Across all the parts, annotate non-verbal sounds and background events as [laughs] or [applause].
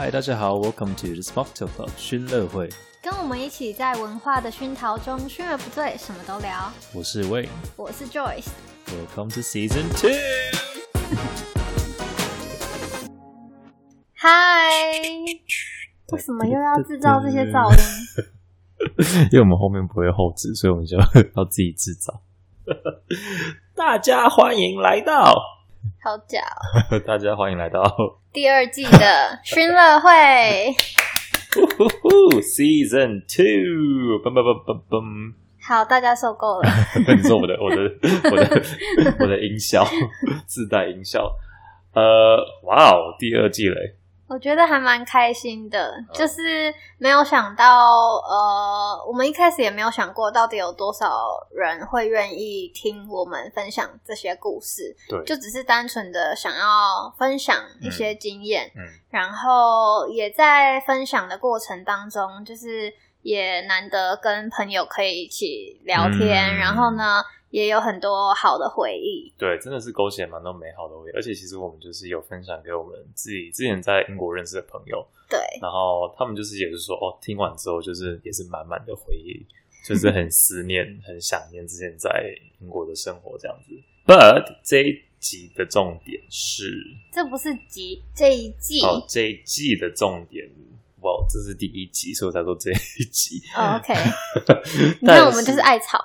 嗨，Hi, 大家好，Welcome to the Smocktail Club，熏樂會。跟我們一起在文化的熏陶中，熏而不醉，什麼都聊。我是 Wayne，我是 Joyce。Welcome to season two。Hi。為什麼又要製造這些噪音？ [laughs] 因為我們後面不會後置，所以我們就要自己製造。 [laughs] 大家歡迎來到。好假哦！ [laughs] 大家歡迎來到第二季的薰樂會。Season Two，嘣嘣嘣嘣嘣！噗噗噗噗噗，好，大家受夠了。 [laughs] [laughs] 你說我的我的我的 [laughs] [laughs] 我的音效自帶 [laughs] 音效，呃，哇哦，第二季嘞。 [laughs] 我覺得還蠻開心的，就是沒有想到，呃，我們一開始也沒有想過到底有多少人會願意聽我們分享這些故事，對，就只是單純的想要分享一些經驗，嗯，然後也在分享的過程當中，就是也難得跟朋友可以一起聊天，嗯，然後呢。也有很多好的回憶，對，真的是勾起蠻多美好的回憶。而且其實我們就是有分享給我們自己之前在英國認識的朋友，對，然後他們就是也就是說，哦，聽完之後就是也是滿滿的回憶，就是很思念、 [laughs] 很想念之前在英國的生活這樣子。But 這一集的重點是，這不是集，這一季，哦，這一季的重點。哇，wow, 這是第一集，所以我才做這一集。Oh, OK，那 [laughs] 我們就是愛吵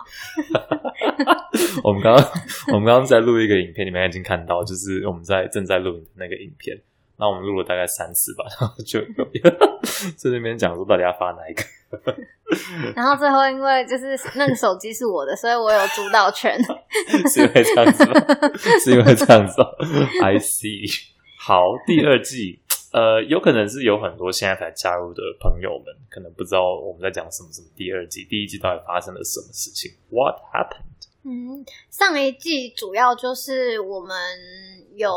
[laughs] [laughs] 我們剛剛，我們剛剛在錄一個影片，你們還已經看到，就是我們在正在錄那個影片。那我們錄了大概三次吧，然後就有 [laughs] 在那邊講說到底要發哪一個。 [laughs] 然後最後，因為就是那個手機是我的，所以我有主導權。 [laughs] [laughs] 是因為這樣子嗎？是因為這樣子嗎？I see。好，第二季。呃，uh, 有可能是有很多現在才加入的朋友們，可能不知道我們在講什麼什麼？第二季，第一季到底發生了什麼事情？What happened？嗯，上一季主要就是我們有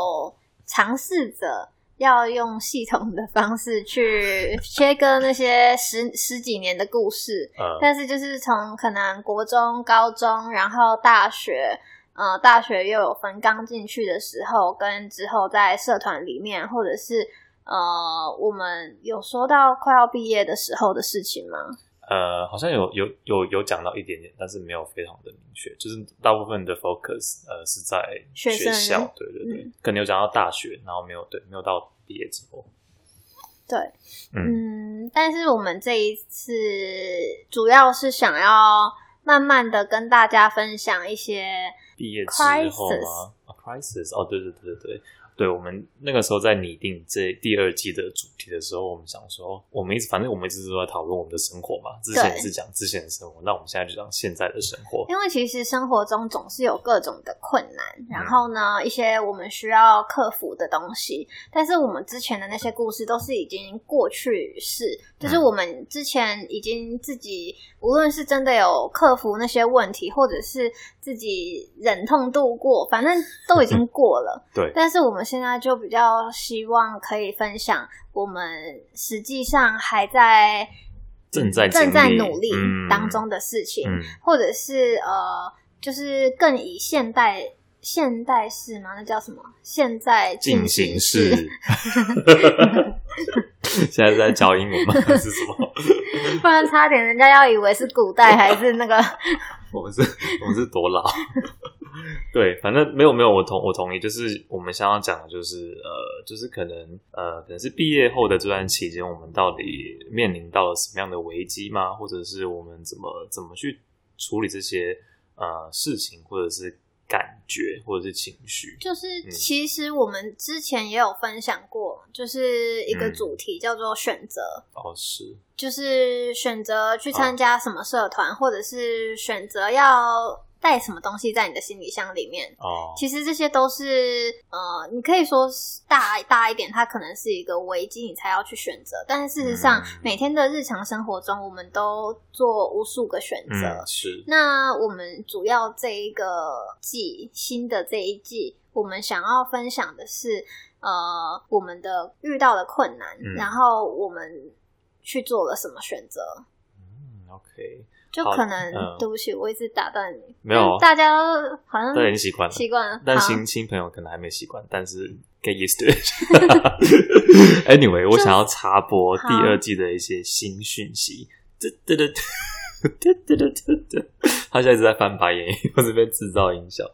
嘗試着要用系統的方式去切割那些十 [laughs] 十幾年的故事，uh, 但是就是從可能國中、高中，然後大學，呃，大學又有分剛進去的時候，跟之後在社團裡面，或者是。呃，我們有說到快要畢業的時候的事情嗎？呃，好像有有有有講到一點點，但是沒有非常的明確，就是大部分的 focus 呃是在學校，學生，對對對，嗯、可能有講到大學，然後沒有對，沒有到畢業之後。對，嗯，嗯，但是我們這一次主要是想要慢慢的跟大家分享一些 crisis。畢業之後嗎？啊、Oh，crisis 哦，對對對對對。對我們那個時候在擬定這第二季的主題的時候，我們想說，我們一直反正我們一直都在討論我們的生活嘛。之前是講之前的生活，對那我們現在就講現在的生活。因為其實生活中總是有各種的困難，然後呢，嗯、一些我們需要克服的東西。但是我們之前的那些故事都是已經過去式，就是我們之前已經自己無論是真的有克服那些問題，或者是自己忍痛度過，反正都已經過了。嗯、對，但是我們。現在就比較希望可以分享我們實際上還在正在正在努力當中的事情，嗯嗯、或者是呃，就是更以現代現代式嗎？那叫什麼？現在進行式？現在是在教英文嗎？還是什麼？ [laughs] 不然差點人家要以為是古代還是那個？我們是，我們是多老？對，反正沒有沒有，我同我同意，就是我們想要講的就是呃，就是可能呃，可能是畢業後的這段期間，我們到底面臨到了什麼樣的危機嗎？或者是我們怎麼怎麼去處理這些呃事情，或者是感覺，或者是情緒？就是其實我們之前也有分享過，就是一個主題叫做選擇、嗯、哦，是，就是選擇去參加什麼社團，啊、或者是選擇要。帶什麼東西在你的行李箱裡面？哦，oh. 其實這些都是，呃，你可以說是大大一點，它可能是一個危機，你才要去選擇。但是事實上，mm. 每天的日常生活中，我們都做無數個選擇。Mm. 是。那我們主要這一個季，新的這一季，我們想要分享的是，呃，我們的遇到的困難，mm. 然後我們去做了什麼選擇。嗯，mm. OK。就可能、嗯、對不起，我一直打斷你。沒有，大家都好像都很習慣，習慣了，但好新新朋友可能還沒習慣，但是 get used to it。Anyway，我想要插播第二季的一些新訊息。好 [laughs] 他現在一直在翻白眼，我這邊製造音效。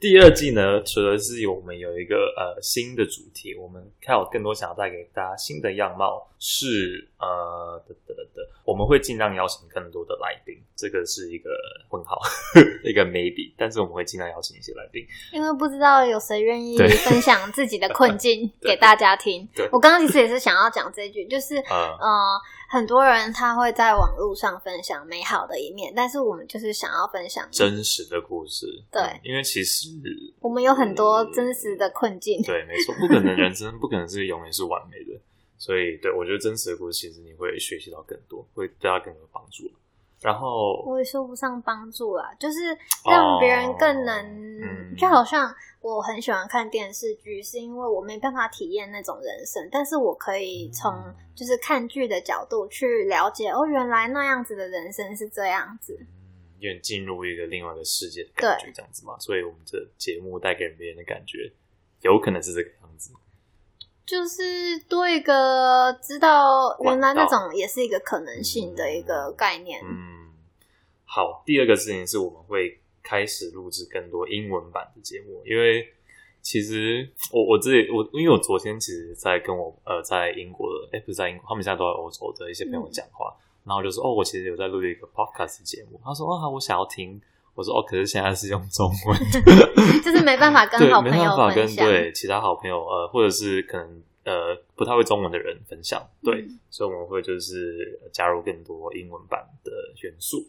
第二季呢，除了是有我們有一個呃新的主題，我們還有更多想要帶給大家新的樣貌是呃得得得我們會盡量邀請更多的來賓，這個是一個問號，一個 maybe，但是我們會盡量邀請一些來賓，因為不知道有誰願意分享自己的困境給大家聽。對 [laughs] 對對 [laughs] 我剛剛其實也是想要講這句，就是、嗯、呃。很多人他會在網絡上分享美好的一面，但是我們就是想要分享真實的故事，對、嗯，因為其實我們有很多真實的困境，嗯、對，沒錯，不可能人生不可能是永遠是完美的， [laughs] 所以對我覺得真實的故事其實你會學習到更多，會對他更有幫助。然後我也說不上幫助啦，就是讓別人更能，哦嗯、就好像我很喜歡看電視劇，是因為我沒辦法體驗那種人生，但是我可以從就是看劇的角度去了解、嗯、哦，原來那樣子的人生是這樣子，嗯，有點進入一個另外一個世界的感覺，這樣子嘛，對所以我們的節目帶給別人的感覺，有可能是這個樣子，就是多一個知道原來那種也是一個可能性的一個概念，嗯。嗯好，第二個事情是我們會開始錄制更多英文版的節目，因為其實我我自己我因為我昨天其實在跟我呃在英國的 a、欸、不是在英國，他們現在都在歐洲的一些朋友講話，嗯、然後就說哦，我其實有在錄一個 podcast 節目，他說啊、哦，我想要聽，我說哦，可是現在是用中文， [laughs] [laughs] 就是沒辦法跟對好朋友分享沒辦法跟對其他好朋友呃或者是可能呃不太會中文的人分享，對，嗯、所以我們會就是加入更多英文版的元素。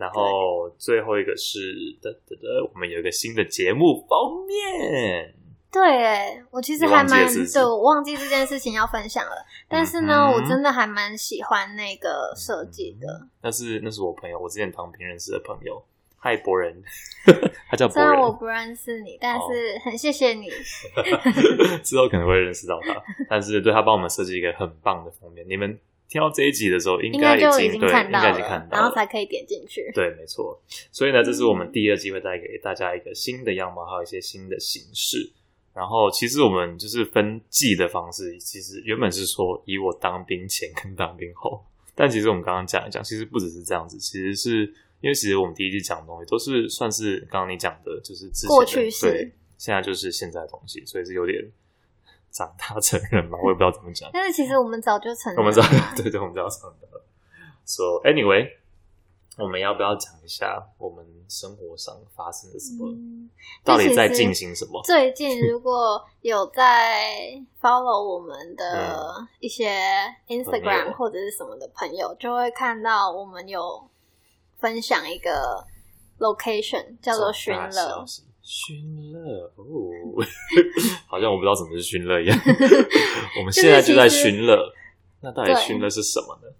然後最後一個是，對對對，我們有一個新的節目封面。對，我其實還蠻就我忘記這件事情要分享了。但是呢，嗯、我真的還蠻喜歡那個設計的。嗯、那是那是我朋友，我之前當兵認識的朋友，泰博人， [laughs] 他叫博人。雖然我不認識你，但是很謝謝你。 [laughs] 之後可能會認識到他，但是對他幫我們設計一個很棒的封面，你們。挑這一集的時候應該已經，應該已經看到，看到然後才可以點進去。對，沒錯。所以呢，這是我們第二季會帶給大家一個新的樣貌還有一些新的形式。然後，其實我們就是分季的方式，其實原本是說以我當兵前跟當兵後。但其實我們剛剛講一講，其實不只是這樣子，其實是因為其實我們第一季講的東西都是算是剛剛你講的，就是之前過去式，現在就是現在的東西，所以是有點。長大成人嘛，我也不知道怎麼講。 [laughs] 但是其實我們早就成人了。我們早就對，對對，我們早就成人。So anyway，、嗯、我們要不要講一下我們生活上發生了什麼？嗯、到底在進行什麼？最近如果有在 follow 我們的一些 Instagram 或者是什麼的朋友，就會看到我們有分享一個 location、嗯、叫做薰樂。啊薰樂哦，好像我不知道什麼是薰樂一樣。 [laughs] 我們現在就在薰樂，那到底薰樂是什麼呢？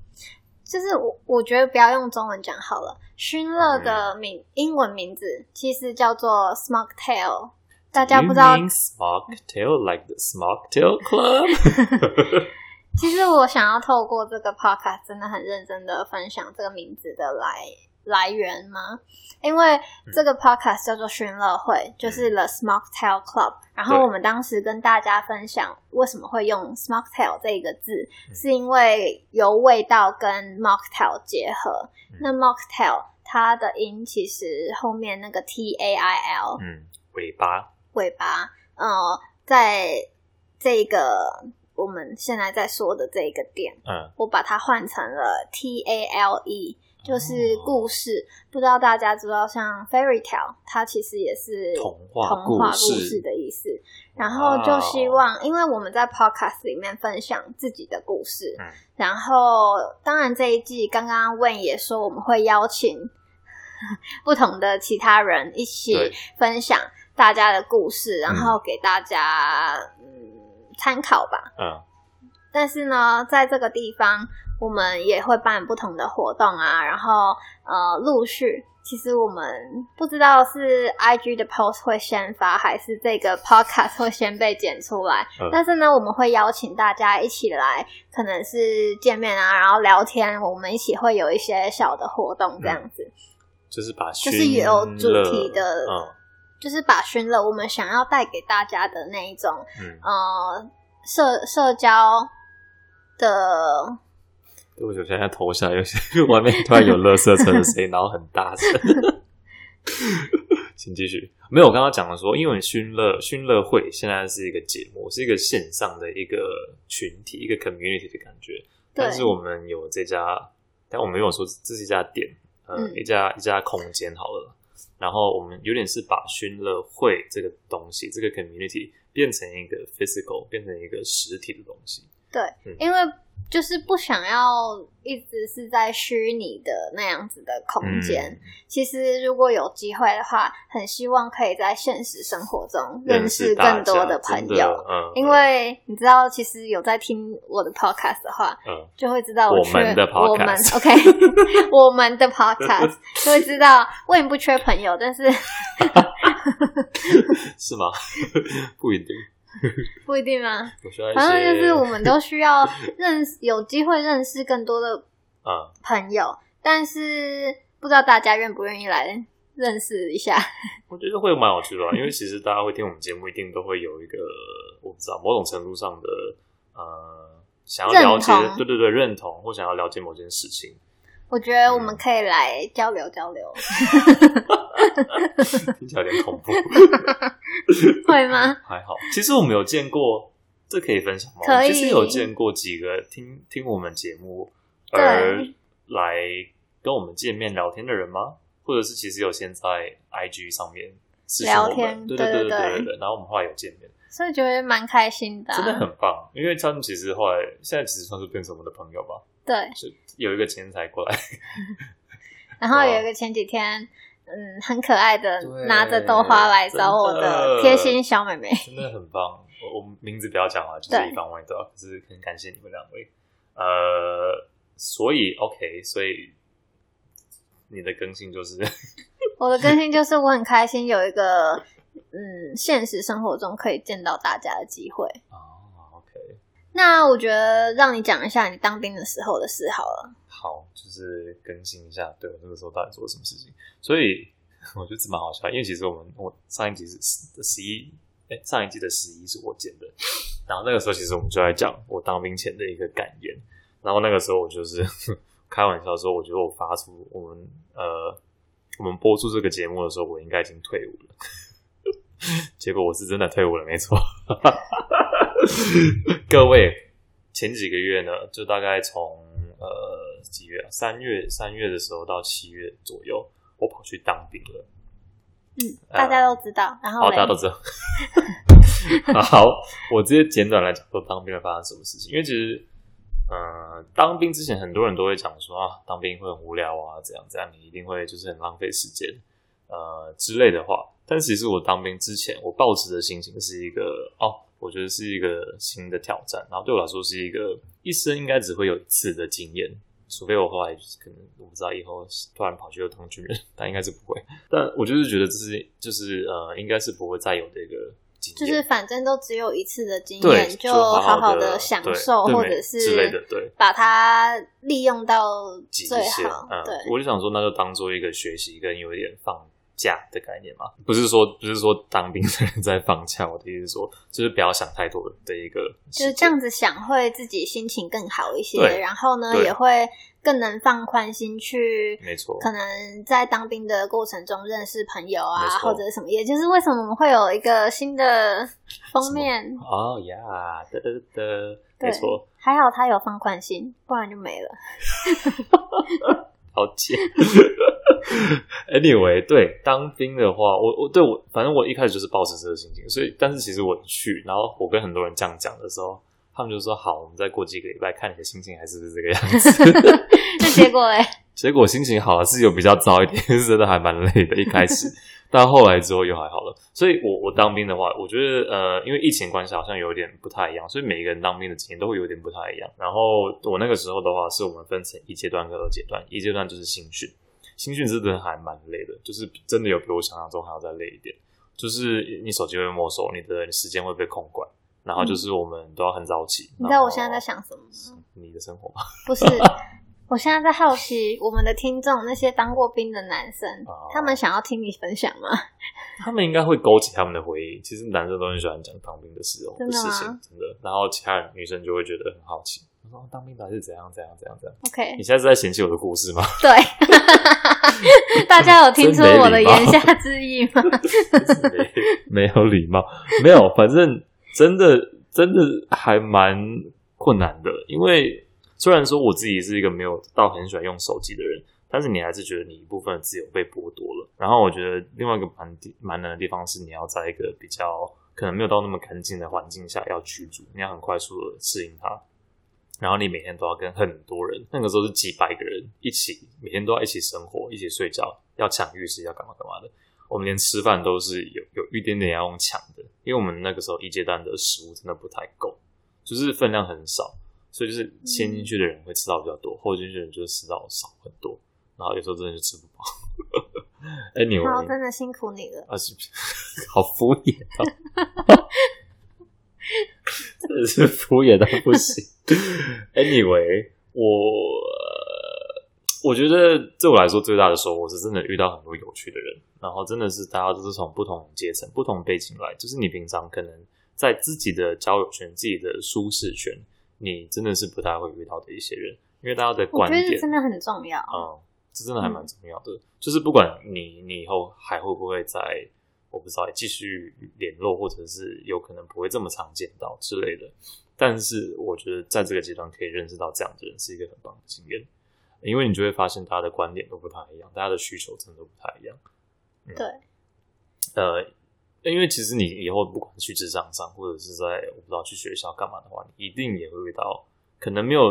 就是我我覺得不要用中文講好了。薰樂的名英文名字其實叫做 Smocktail，、um, 大家不知道 Smocktail, like the Smocktail Club。 [laughs] 其實我想要透過這個 podcast 真的很認真的分享這個名字的來來源嗎，因為這個 podcast 叫做薰樂會，嗯、就是了 Smocktail Club。然後我們當時跟大家分享為什麼會用 Smocktail 這個字，對是因為由味道跟 Mocktail 結合。嗯、那 Mocktail 它的音其實後面那個 t a i l，嗯，尾巴，尾巴，呃，在這個。我們現在在說的這一個點，嗯、我把它換成了 T A L E，就是故事。嗯、不知道大家知道像 Fairy Tale，它其實也是童話故、故事的意思。然後就希望，啊、因為我們在 Podcast 裡面分享自己的故事，嗯、然後當然這一季剛剛 Wen 也說我們會邀請不同的其他人一起分享大家的故事，對然後給大家嗯。嗯參考吧。嗯。但是呢，在這個地方，我們也會辦不同的活動啊。然後，呃，陸續，其實我們不知道是 IG 的 post 會先發，還是這個 podcast 會先被剪出來。嗯、但是呢，我們會邀請大家一起來，可能是見面啊，然後聊天。我們一起會有一些小的活動，這樣子。嗯、就是把就是有主題的，嗯。就是把薰樂，我們想要帶給大家的那一種，嗯，呃，社社交的。對不起，我現在頭下，有些，外面突然有垃圾車的聲音， [laughs] 然後很大聲。 [laughs] [laughs] 請繼續。沒有，我剛剛講的說，因為薰樂薰樂會現在是一個節目，是一個線上的一個群體，一個 community 的感覺。對但是我們有這家，但我們沒有說這是一家店，呃、嗯，一家一家空間好了。然後我們有點是把薰樂會這個東西，這個 community 變成一個 physical，變成一個實體的東西。對，因為就是不想要一直是在虛擬的那樣子的空間。嗯、其實如果有機會的話，很希望可以在現實生活中認識更多的朋友。嗯嗯嗯、因為你知道，其實有在聽我的 podcast 的話，嗯、就會知道我們的 podcast。我們，OK，我們的 podcast 就會知道，我也不缺朋友，但是是嗎？不一定。不一定嗎？反正就是我們都需要認，識， [laughs] 有機會認識更多的啊朋友，嗯、但是不知道大家願不願意來認識一下。我覺得會蠻有趣的吧， [laughs] 因為其實大家會聽我們節目，一定都會有一個我不知道某種程度上的呃想要了解，認同 對對對，認同或想要了解某件事情。我覺得我們可以來交流交流，哈哈哈哈哈哈聽起來有點恐怖， [laughs] 會嗎？還好，其實我們有見過，這可以分享嗎？可以。其實有見過幾個聽聽我們節目而來跟我們見面聊天的人嗎？對或者是其實有先在 IG 上面私聊我們，天對對對對對，對對對然後我們後來有見面，所以覺得蠻開心的，啊，真的很棒。因為他們其實後來現在其實算是變成我們的朋友吧。對，是有一個錢財過來，嗯，然後有一個前幾天，嗯，嗯，很可愛的對拿着豆花來找我的貼心小妹妹。真，真的很棒。我我名字不要講啊，就是剛外的，對可是很感謝你們兩位。呃，所以 OK，所以你的更新就是我的更新就是我很開心有一個 [laughs] 嗯，現實生活中可以見到大家的機會啊。嗯那我覺得讓你講一下你當兵的時候的事好了。好，就是更新一下，對，那個時候到底做了什麼事情。所以我覺得這蠻好笑，因為其實我們我上一集是十一，哎、欸，上一季的十一是我剪的。然後那個時候其實我們就在講我當兵前的一個感言。然後那個時候我就是開玩笑說，我覺得我發出我們呃我們播出這個節目的時候，我應該已經退伍了。 [laughs] 結果我是真的退伍了，沒錯。 [laughs] [laughs] 各位，前幾個月呢，就大概從呃幾月啊，三月三月的時候到七月左右，我跑去當兵了。呃、嗯，大家都知道。然後、哦，大家都知道。 [laughs] [laughs] 好，我直接簡短來講說當兵會發生什麼事情。因為其實，嗯、呃，當兵之前很多人都會講說啊，當兵會很無聊啊，這樣這樣、啊，你一定會就是很浪費時間，呃之類的話。但其實我當兵之前，我抱持的心情是一個哦。我覺得是一個新的挑戰，然後對我來說是一個一生應該只會有一次的經驗，除非我後來可能我不知道以後突然跑去當軍人，但應該是不會。但我就是覺得這是就是呃，應該是不會再有這個經驗，就是反正都只有一次的經驗，就好好，就好好的享受對對或者是之類的，對，把它利用到最好。對，我就想說那就當做一個學習，跟有一點放。假的概念嗎？不是說，不是說當兵的人在放翹，我的意思是說，就是不要想太多人的一個，就是這樣子想會自己心情更好一些，對然後呢對也會更能放寬心去，沒錯，可能在當兵的過程中認識朋友啊錯或者什麼，也就是為什麼我們會有一個新的封面哦呀，對對、oh, yeah, 對，沒錯錯，還好他有放寬心，不然就沒了。 [laughs] 好賤 [laughs] ！Anyway，對，當兵的話，我我對我反正我一開始就是抱着這個心情，所以但是其實我去，然後我跟很多人這樣講的時候，他們就說：“好，我們再過幾個禮拜看你的心情還是不是這個樣子。”那 [laughs] [laughs] 結果哎，結果心情好了，是有比較糟一點，真的還蠻累的，一開始。但後來之後又還好了，所以我我當兵的話，我覺得呃，因為疫情關係好像有點不太一樣，所以每一個人當兵的經驗都會有點不太一樣。然後我那個時候的話，是我們分成一階段跟二階段，一階段就是新訓，新訓真的還蠻累的，就是真的有比我想象中還要再累一點，就是你手機會被沒收，你的時間會被控管，然後就是我們都要很早起。嗯、然後，你知道我現在在想什麼嗎？你的生活嗎？不是。 [laughs] 我現在在好奇，我們的聽眾那些當過兵的男生，哦、他們想要聽你分享嗎？他們應該會勾起他們的回憶。其實男生都很喜歡講當兵的時候的事情，真的。然後其他人女生就會覺得很好奇，他說當兵到底是怎樣怎樣怎樣怎樣。怎樣 OK，你現在是在嫌棄我的故事嗎？對， [laughs] 大家有聽出我的言下之意嗎？ [laughs] 真沒禮貌。 [laughs] 真沒，沒有禮貌，沒有，反正真的真的還蠻困難的，因為。雖然說我自己是一個沒有到很喜歡用手機的人，但是你還是覺得你一部分的自由被剝奪了。然後我覺得另外一個蠻蠻難的地方是，你要在一個比較可能沒有到那麼乾淨的環境下要居住，你要很快速的適應它。然後你每天都要跟很多人，那個時候是幾百個人一起，每天都要一起生活、一起睡覺，要搶浴室，要幹嘛幹嘛的。我們連吃飯都是有有一點點要用搶的，因為我們那個時候一階段的食物真的不太夠，就是分量很少。所以就是先進去的人會吃到比較多，嗯、後進去的人就是吃到少很多，然後有時候真的就吃不飽。 [laughs] Anyway，好，真的辛苦你了。啊，是不是？好敷衍啊！ [laughs] [laughs] 真的是敷衍到不行。Anyway，我我覺得對我來說最大的收穫是真的遇到很多有趣的人，然後真的是大家都是從不同階層、不同背景來，就是你平常可能在自己的交友圈、自己的舒適圈。你真的是不太會遇到的一些人，因為大家的觀點，真的很重要。嗯，這真的還蠻重要的，嗯、就是不管你你以後還會不會再，我不知道，繼續聯絡，或者是有可能不會這麼常見到之類的。對但是我覺得在這個階段可以認識到這樣的人是一個很棒的經驗，因為你就會發現大家的觀點都不太一樣，大家的需求真的不太一樣。嗯、對，呃因為其實你以後不管去職場上，或者是在我不知道去學校幹嘛的話，你一定也會遇到，可能沒有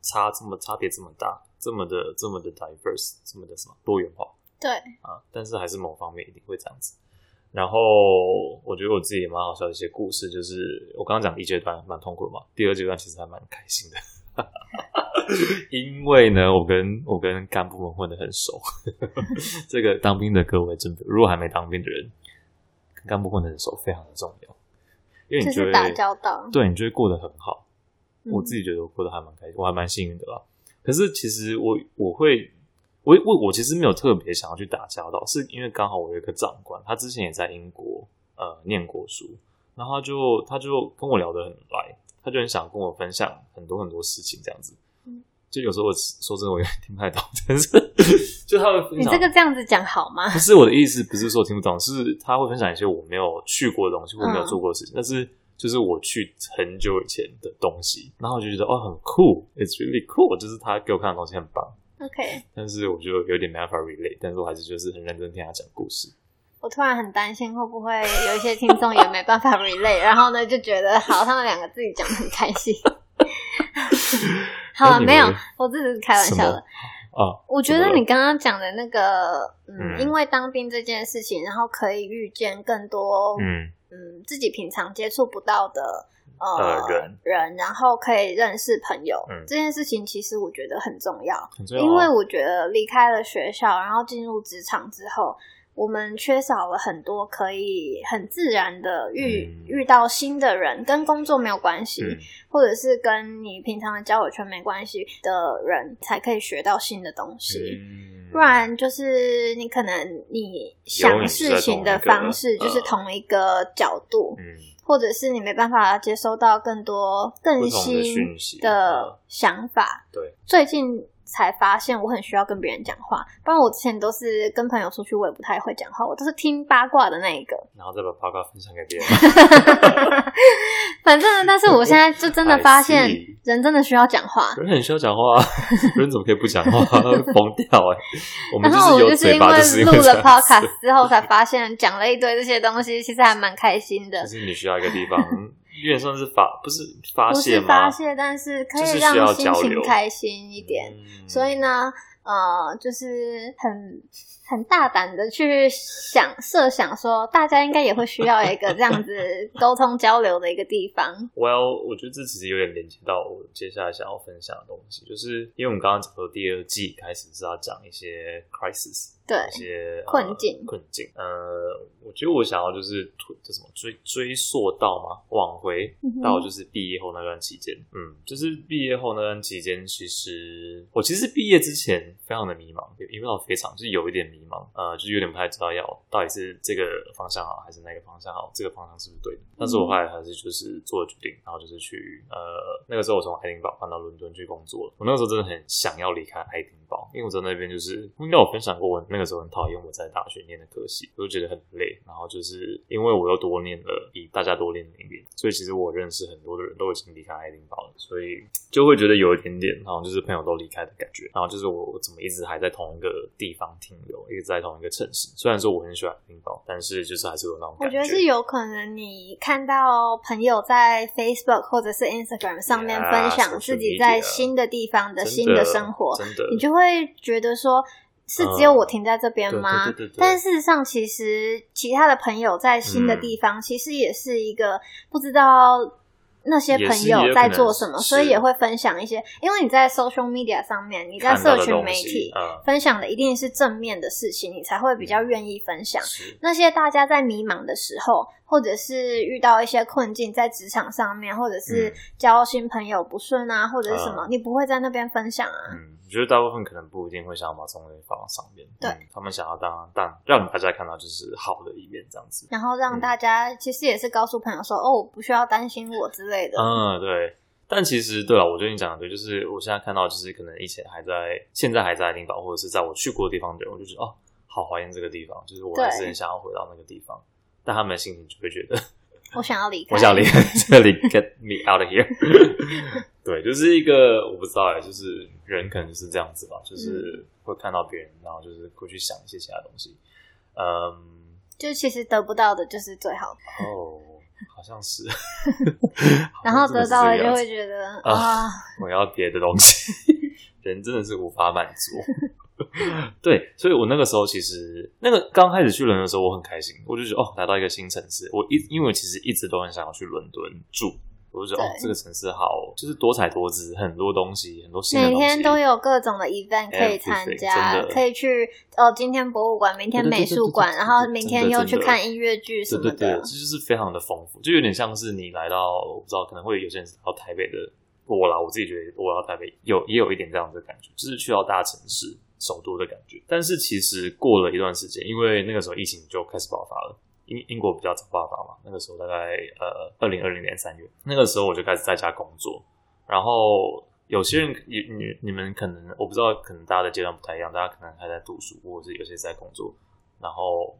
差這麼差別這麼大，這麼的這麼的 diverse，這麼的什麼多元化。對啊，但是還是某方面一定會這樣子。然後我覺得我自己也蠻好笑的一些故事就是我剛剛講第一階段蠻痛苦的嘛，第二階段其實還蠻開心的，哈哈哈，因為呢，我跟我跟幹部們混得很熟， [laughs] 這個當兵的各位，真的，如果還沒當兵的人。幹部混的時候非常的重要，因為你覺得，就會打交道，對你就會過得很好。嗯、我自己覺得我過得還蠻開心，我還蠻幸運的啦。可是其實我我會，我我我其實沒有特別想要去打交道，是因為剛好我有一個長官，他之前也在英國呃念過書，然後他就他就跟我聊得很來，他就很想跟我分享很多很多事情，這樣子，嗯、就有時候我說真的，我有點聽不太懂，但是。 [laughs] 就他會分享，你這個這樣子講好嗎？不是我的意思，不是說聽不懂，就是他會分享一些我沒有去過的東西，或者沒有做過的事情。嗯、但是就是我去很久以前的東西，然後我就覺得哦，很酷，It's really cool，就是他給我看的東西很棒。OK，但是我覺得有點沒辦法 relay，但是我還是就是很認真聽他講故事。我突然很擔心會不會有一些聽眾也沒辦法 relay， [laughs] 然後呢就覺得好，他們兩個自己講得很開心。 [laughs] 好啊，欸、沒有，我自己是開玩笑的。啊，oh, 我覺得你剛剛講的那個，嗯，嗯，因為當兵這件事情，然後可以遇見更多，嗯嗯，自己平常接觸不到的，呃，呃，人，人，然後可以認識朋友，嗯，這件事情，其實我覺得很重要，嗯，因為我覺得離開了學校，然後進入職場之後。我們缺少了很多可以很自然地遇、嗯、遇到新的人，跟工作沒有關係，嗯、或者是跟你平常的交友圈沒關係的人，才可以學到新的東西。嗯、不然就是你可能你想事情的方式就是同一個角度，嗯嗯、或者是你沒辦法接收到更多更新的、想法。嗯、對，最近。才發現我很需要跟別人講話，不然我之前都是跟朋友出去，我也不太會講話，我都是聽八卦的那一個，然後再把八卦分享給別人。 [laughs] [laughs] 反正，但是我現在就真的發現，人真的需要講話，人很需要講話， [laughs] 人怎麼可以不講話？瘋 [laughs] 掉，哎、欸！然後我們就是有嘴巴就是因為錄了 podcast 之後，才發現講了一堆這些東西，其實還蠻開心的。就是你需要一個地方。 [laughs] 也算是發，不是發洩嗎？不是發洩，但是可以讓心情開心一點。嗯、所以呢。呃，uh, 就是很很大膽的去想，設想說，大家應該也會需要一個這樣子溝通交流的一個地方。Well，我覺得這其實有點連接到我接下來想要分享的東西，就是因為我們剛剛講說第二季開始是要講一些 crisis，對，一些困境困境。呃，我覺得我想要就是這叫什麼追追溯到嘛，挽回、mm hmm. 到就是畢業後那段期間，嗯，就是畢業後那段期間，其實我其實畢業之前。非常的迷茫，也因為我非常就是有一點迷茫，呃，就是、有點不太知道要到底是這個方向好還是那個方向好，這個方向是不是對的？但是我後來還是就是做了決定，然後就是去呃那個時候我從愛丁堡搬到倫敦去工作了，我那個時候真的很想要離開愛丁堡。因為我在那邊，就是應該我分享過，我那個時候很討厭我在大學念的科系，我就覺得很累。然後就是因為我又多念了比大家多念了一年，所以其實我認識很多的人都已經離開愛丁堡了，所以就會覺得有一點點，好像就是朋友都離開的感覺。然後就是我怎麼一直還在同一個地方停留，一直在同一個城市。雖然說我很喜歡愛丁堡，但是就是還是有那種感覺。我覺得是有可能你看到朋友在 Facebook 或者是 Instagram 上面分享自己在新的地方的新的生活，你就會。會覺得說，是只有我停在這邊嗎？但事實上，其實其他的朋友在新的地方，其實也是一個不知道那些朋友在做什麼，也也所以也會分享一些。是因為你在 social media 上面，你在社群媒體分享的一定是正面的事情，uh, 你才會比較願意分享是那些大家在迷茫的時候，或者是遇到一些困境，在職場上面，或者是交新朋友不順啊，嗯、或者是什麼，uh, 你不會在那邊分享啊。嗯我覺得大部分可能不一定會想要把負面放到上面，對、嗯，他們想要當但讓大家看到就是好的一面這樣子，然後讓大家、嗯、其實也是告訴朋友說，哦，我不需要擔心我之類的。嗯，對。但其實對啊，我覺得你講的對，就是我現在看到就是可能以前還在，現在還在愛丁堡或者是在我去過的地方的人，我就覺得哦，好懷念這個地方，就是我還是很想要回到那個地方。對但他們的心情就會覺得。我想要離開，我想離開這裡，Get me out of here。 [laughs] 對，就是一個我不知道哎，就是人可能是這樣子吧，就是會看到別人，然後就是會去想一些其他東西，嗯、um,，就其實得不到的，就是最好的哦，好像是， [laughs] 然後得到了就會覺得啊，哇我要別的東西，人真的是無法滿足。 [laughs] 對，所以我那個時候其實那個剛開始去倫敦的時候，我很開心，我就覺得哦，來到一個新城市，我一因為我其實一直都很想要去倫敦住，我就覺得對、哦、這個城市好，就是多彩多姿，很多東西，很多新，每天都有各種的 event 可以參加，哎、的可以去哦，今天博物館，明天美術館，然後明天又去看音樂劇什麼的，對，對，對，對這就是非常的豐富，就有點像是你來到，我不知道可能會有些人到台北的我啦，我自己覺得我到台北也有也有一點這樣的感覺，就是去到大城市。首都的感覺，但是其實過了一段時間，因為那個時候疫情就開始爆發了，英英國比較早爆發嘛，那個時候大概呃二零二零年三月，那個時候我就開始在家工作，然後有些人、嗯、你你你們可能我不知道，可能大家的階段不太一樣，大家可能還在讀書，或者是有些人在工作，然後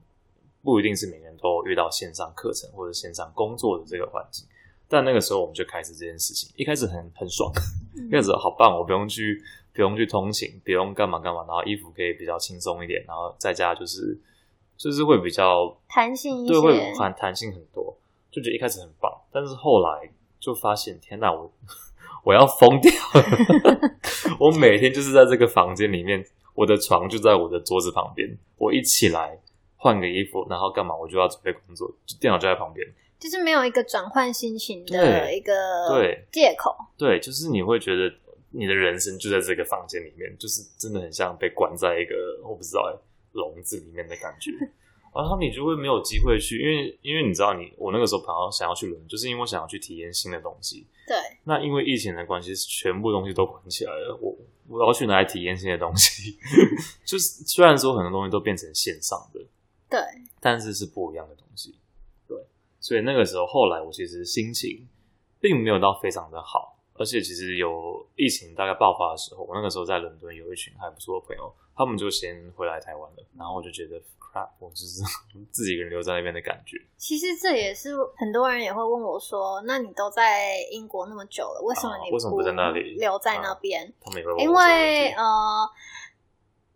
不一定是每年都遇到線上課程或者線上工作的這個環境，但那個時候我們就開始這件事情，一開始很很爽，一、嗯、開始好棒，我不用去。不用去通勤，不用幹嘛幹嘛，然後衣服可以比較輕鬆一點，然後在家就是就是會比較彈性一些，對，會對，彈性很多，就覺得一開始很棒，但是後來就發現，天哪，啊，我我要瘋掉了！ [laughs] [laughs] 我每天就是在這個房間裡面，我的床就在我的桌子旁邊，我一起來換個衣服，然後幹嘛，我就要準備工作，電腦就在旁邊，就是沒有一個轉換心情的一個對借口，對，就是你會覺得。你的人生就在這個房間裡面，就是真的很像被關在一個我不知道欸、籠子裡面的感覺。 [laughs] 然後你就會沒有機會去，因為因為你知道你，你我那個時候朋友想要去輪，就是因為我想要去體驗新的東西。對。那因為疫情的關係，全部東西都關起來了。我我要去哪裡體驗新的東西， [laughs] 就是雖然說很多東西都變成線上的，對，但是是不一樣的東西。對。所以那個時候，後來我其實心情並沒有到非常的好。而且其實有疫情大概爆發的時候，我那個時候在倫敦，有一群還不錯的朋友，他們就先回來台灣了。然後我就覺得，嗯、Crap，我就是自己一個人留在那邊的感覺。其實這也是很多人也會問我說，那你都在英國那麼久了，為什麼你？啊、為什麼不在那裡留在那邊？啊、因為呃。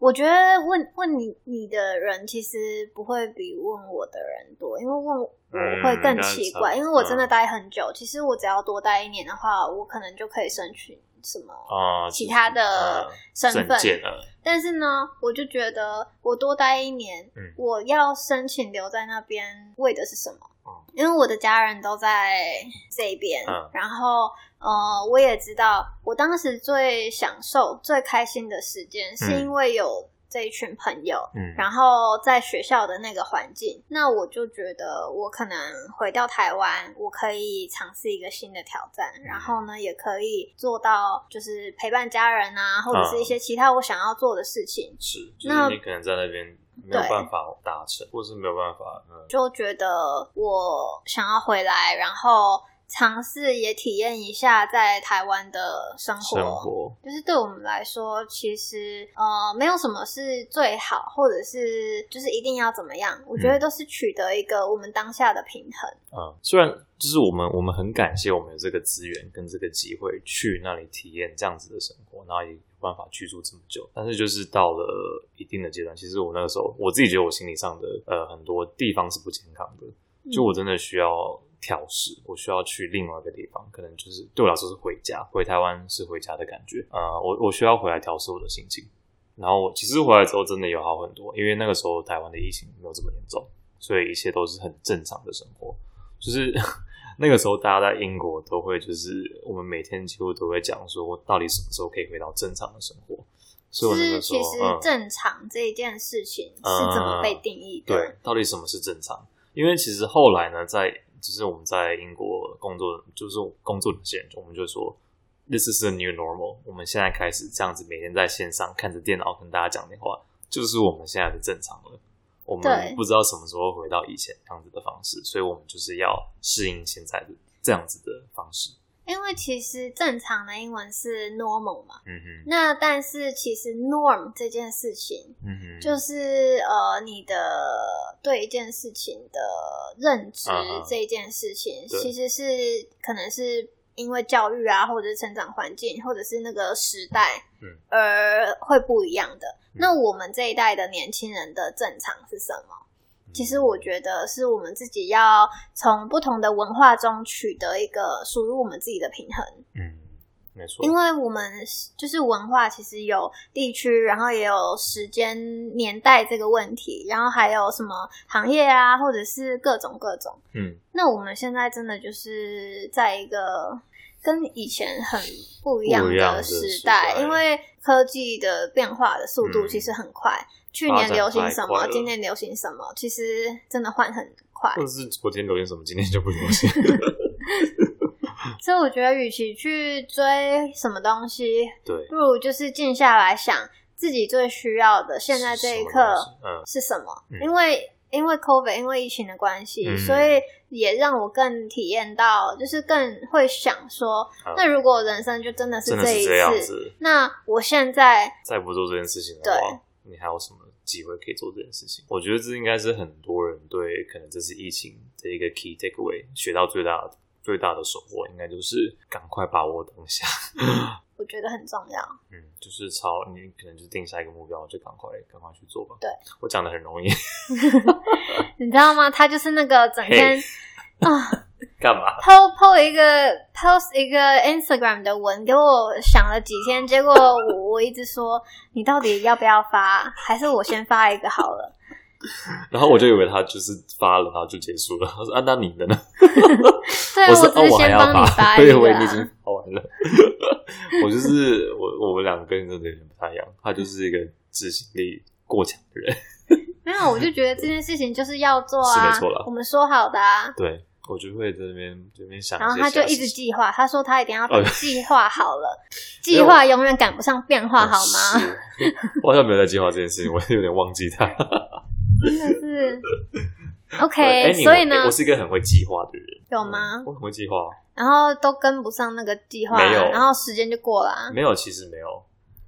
我覺得問問你你的人其實不會比問我的人多，因為問我會更奇怪，嗯、因為我真的待很久。嗯、其實我只要多待一年的話，我可能就可以申請什麼啊其他的身份。嗯嗯、但是呢，我就覺得我多待一年，嗯、我要申請留在那邊為的是什麼？因為我的家人都在這邊，啊、然後呃，我也知道我當時最享受、最開心的時間，是因為有這一群朋友，嗯、然後在學校的那個環境。嗯、那我就覺得，我可能回到台灣，我可以嘗試一個新的挑戰，嗯、然後呢，也可以做到就是陪伴家人啊，啊或者是一些其他我想要做的事情。是，那就是你可能在那邊。沒有辦法達成，或者對是沒有辦法，嗯，就覺得我想要回來，然後嘗試也體驗一下在台灣的生活。生活就是對我們來說，其實呃，沒有什麼是最好，或者是就是一定要怎麼樣。我覺得都是取得一個我們當下的平衡。嗯，嗯，雖然就是我們，我們很感謝我們有這個資源跟這個機會去那裡體驗這樣子的生活，然後也辦法居住這麼久，但是就是到了一定的階段，其實我那個時候，我自己覺得我心理上的呃很多地方是不健康的，就我真的需要調適，我需要去另外一個地方，可能就是對我來說是回家，回台灣是回家的感覺，啊、呃，我我需要回來調適我的心情，然後我其實回來之後真的有好很多，因為那個時候台灣的疫情沒有這麼嚴重，所以一切都是很正常的生活，就是。那個時候，大家在英國都會，就是我們每天幾乎都會講說，我到底什麼時候可以回到正常的生活？所以我就說，其實正常這一件事情是怎麼被定義的？嗯，對，到底什麼是正常？因為其實後來呢，在就是我們在英國工作，就是工作那些人，我們就說，this is the new normal，我們現在開始這樣子每天在線上看着電腦跟大家講電話，就是我們現在的正常了。我們不知道什麼時候回到以前這樣子的方式，所以我們就是要適應現在的這樣子的方式。因為其實正常的英文是 normal 嘛，嗯哼。那但是其實 norm 這件事情，嗯哼，就是呃你的對一件事情的認知這件事情，嗯哼，其實是對，可能是。因為教育啊，或者是成長環境，或者是那個時代，嗯，而會不一樣的。嗯、那我們這一代的年輕人的正常是什麼？嗯、其實我覺得是我們自己要從不同的文化中取得一個屬於我們自己的平衡。嗯，沒錯。因為我們就是文化，其實有地區，然後也有時間年代這個問題，然後還有什麼行業啊，或者是各種各種。嗯，那我們現在真的就是在一個。跟以前很不一樣的時代，時代，因為科技的變化的速度其實很快。嗯、去年流行什麼，啊、今年流行什麼，其實真的換很快。或者是昨天流行什麼，今天就不流行。所以我覺得，與其去追什麼東西，對不如就是靜下來想自己最需要的，現在這一刻是什麼？什麼，嗯、因為。因為 COVID，因為疫情的關係，嗯、哼所以也讓我更體驗到，就是更會想說，啊、那如果人生就真的是這一次，樣子，那我現在再不做這件事情的話，對你還有什麼機會可以做這件事情？我覺得這應該是很多人對可能這是疫情的一個 key takeaway 學到最大的。最大的收穫應該就是趕快把握當下。嗯，我覺得很重要。嗯，就是超，你可能就定下一個目標，我就趕快趕快去做吧。對，我講的很容易， [laughs] [laughs] 你知道嗎？他就是那個整天 Hey [laughs] 啊幹嘛 po，po 一個 post 一個 Instagram 的文，給我想了幾天，結果我一直說你到底要不要發，還是我先發一個好了。然後我就以為他就是發了，然後就結束了。他說、啊：“那你的呢？” [laughs] 對我是，我是先幫你發、哦。我發發啊、對，我已經發完了。 [laughs] 我就是我，我們兩個跟真的有點不太一樣。他就是一個執行力過強的人。 [laughs] 沒有，我就覺得這件事情就是要做啊，是沒錯啦。我們說好的啊。對，我就會在那邊想。然後他就一直計劃，他說他一定要計劃好了。 [laughs] 計劃永遠趕不上變化，好嗎我、呃？我好像沒有在計劃這件事情，我有點忘記他。 [laughs] 真的是，OK。所以呢，我是一個很會計劃的人，有嗎？我很會計劃，然後都跟不上那個計劃，沒有，然後時間就過了。沒有，其實沒有。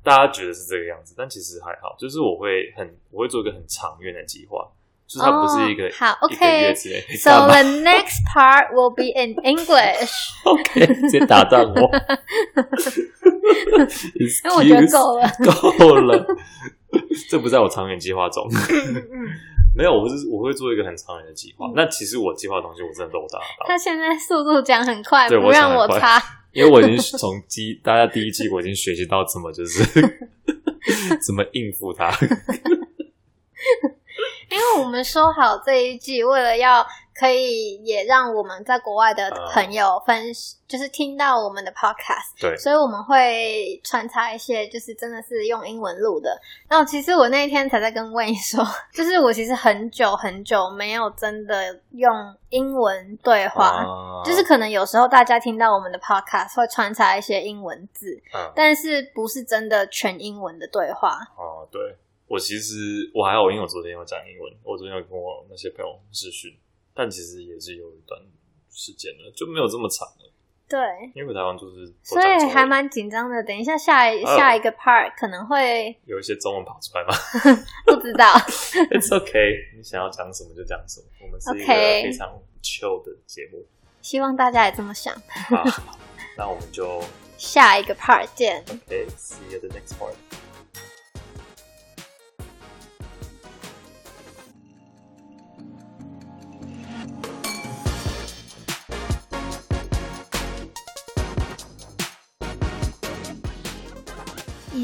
大家覺得是這個樣子，但其實還好，就是我會很，我會做一個很長遠的計劃，就是它不是一個好 OK。So the next part will be in English。OK，先打斷我，因為我覺得夠了，夠了。這不在我長遠計劃中。嗯、 [laughs] 沒有，我是我會做一個很長遠的計劃。嗯、那其實我計劃的東西，我真的都我達得到。他現在速度講很快，對不讓我插，因為我已經從第 [laughs] 大家第一季我已經學習到怎麼就是 [laughs] 怎麼應付他。 [laughs] [laughs] 因為我們說好這一季為了要。可以也讓我們在國外的朋友分，uh, 就是聽到我們的 podcast。對，所以我們會穿插一些，就是真的是用英文錄的。然後其實我那一天才在跟 Wayne 說，就是我其實很久很久沒有真的用英文對話，uh, 就是可能有時候大家聽到我們的 podcast 會穿插一些英文字，uh, 但是不是真的全英文的對話哦，uh, 對我其實我還好，因為我昨天有講英文，我昨天有跟我那些朋友視訊。但其實也是有一段時間了，就沒有這麼長了、欸。對，因為台灣就是，所以還蠻緊張的。等一下下、啊、下一個 part 可能會有一些中文跑出來嗎？ [laughs] 不知道。It's okay，你 [laughs] 想要講什麼就講什麼。我們是一個非常 chill 的節目，okay, 希望大家也這麼想。好、 [laughs] 啊，那我們就下一個 part 見。Okay，see you at the next part.